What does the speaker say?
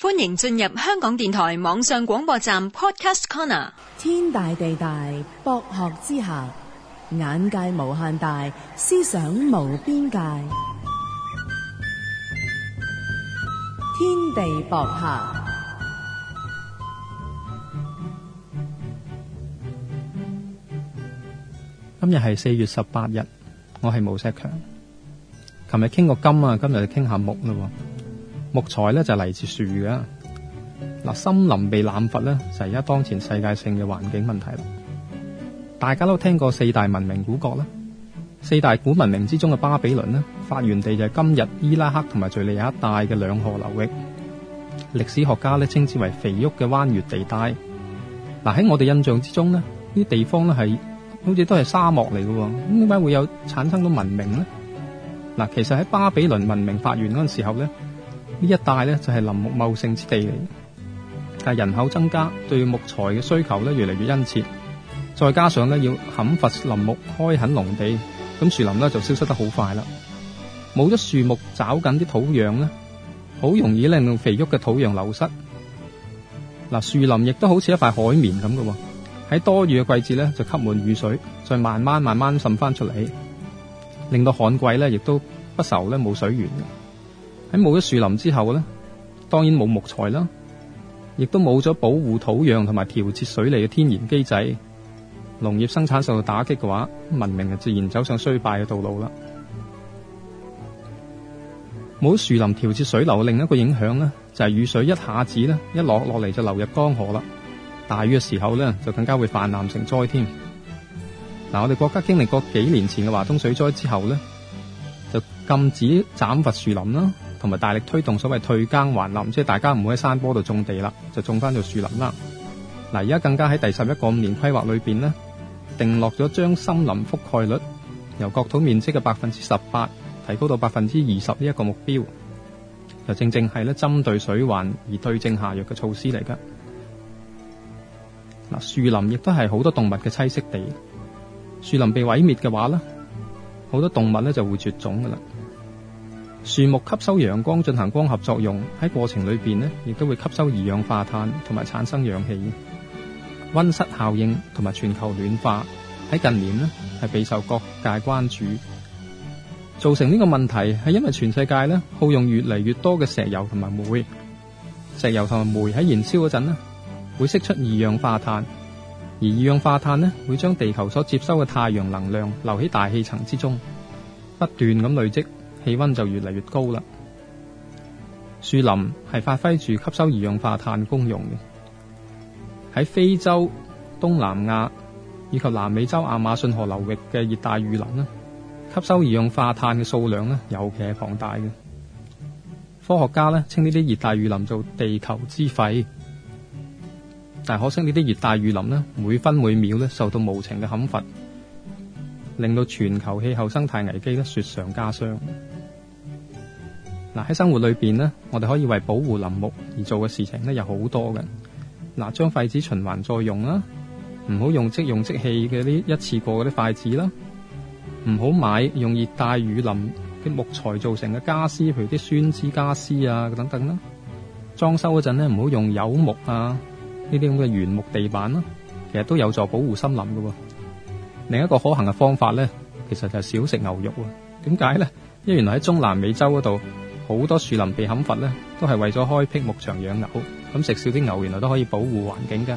歡迎進入香港電台網上廣播站 Podcast Corner。天大地大，博學之下，眼界無限大，思想無邊界。天地博客。今日係四月十八日，我係毛錫強。琴日傾過金啊，今日就傾下木嘞、啊。木材咧就嚟自樹嘅。嗱，森林被濫伐咧就係而家當前世界性嘅環境問題啦。大家都聽過四大文明古國啦，四大古文明之中嘅巴比倫啦，發源地就係今日伊拉克同埋敘利亞一帶嘅兩河流域。歷史學家咧稱之為肥沃嘅彎月地帶。嗱，喺我哋印象之中咧，呢啲地方咧係好似都係沙漠嚟嘅，咁點解會有產生到文明咧？嗱，其實喺巴比倫文明發源嗰陣時候咧。這一帶呢一帶咧就係、是、林木茂盛之地嚟，但係人口增加對木材嘅需求咧越嚟越殷切，再加上咧要砍伐林木，開墾農地，咁樹林咧就消失得好快啦。冇咗樹木，找緊啲土壤咧，好容易令到肥沃嘅土壤流失。嗱、啊，樹林亦都好似一塊海綿咁嘅，喺多雨嘅季節咧就吸滿雨水，再慢慢慢慢滲翻出嚟，令到旱季咧亦都不愁咧冇水源。喺冇咗樹林之後呢，當然冇木材啦，亦都冇咗保護土壤同埋調節水利嘅天然機制。農業生產受到打擊嘅話，文明就自然走上衰敗嘅道路啦。冇樹林調節水流，另一個影響呢，就係、是、雨水一下子呢，一落落嚟就流入江河啦。大雨嘅時候呢，就更加會泛濫成災添。嗱、啊，我哋國家經歷過幾年前嘅華東水災之後呢，就禁止斬伐樹林啦。同埋大力推動所謂退耕還林，即係大家唔會喺山坡度種地啦，就種翻條樹林啦。嗱，而家更加喺第十一個五年規劃裏邊呢，定落咗將森林覆蓋率由國土面積嘅百分之十八提高到百分之二十呢一個目標，就正正係咧針對水患而對症下藥嘅措施嚟噶。嗱，樹林亦都係好多動物嘅棲息地，樹林被毀滅嘅話呢，好多動物呢就會絕種噶啦。樹木吸收陽光進行光合作用，喺過程裏邊呢亦都會吸收二氧化碳同埋產生氧氣。溫室效應同埋全球暖化喺近年呢係備受各界關注，造成呢個問題係因為全世界咧耗用越嚟越多嘅石油同埋煤，石油同埋煤喺燃燒嗰陣呢，會釋出二氧化碳，而二氧化碳呢會將地球所接收嘅太陽能量留喺大氣層之中，不斷咁累積。氣溫就越嚟越高啦。樹林係發揮住吸收二氧化碳功用嘅。喺非洲、東南亞以及南美洲亞馬遜河流域嘅熱帶雨林呢，吸收二氧化碳嘅數量咧，尤其係龐大嘅。科學家咧稱呢啲熱帶雨林做地球之肺，但可惜呢啲熱帶雨林呢，每分每秒呢，受到無情嘅砍伐。令到全球氣候生態危機咧雪上加霜。嗱喺生活裏邊咧，我哋可以為保護林木而做嘅事情咧有好多嘅。嗱，將筷子循環再用啦，唔好用即用即棄嘅啲一次過嗰啲筷子啦。唔好買用熱帶雨林嘅木材做成嘅傢俬，譬如啲酸枝傢俬啊等等啦。裝修嗰陣咧，唔好用柚木啊呢啲咁嘅原木地板啦，其實都有助保護森林嘅喎。另一個可行嘅方法咧，其實就係少食牛肉啊。點解咧？因為原來喺中南美洲嗰度，好多樹林被砍伐咧，都係為咗開闢牧場養牛。咁食少啲牛，原來都可以保護環境㗎。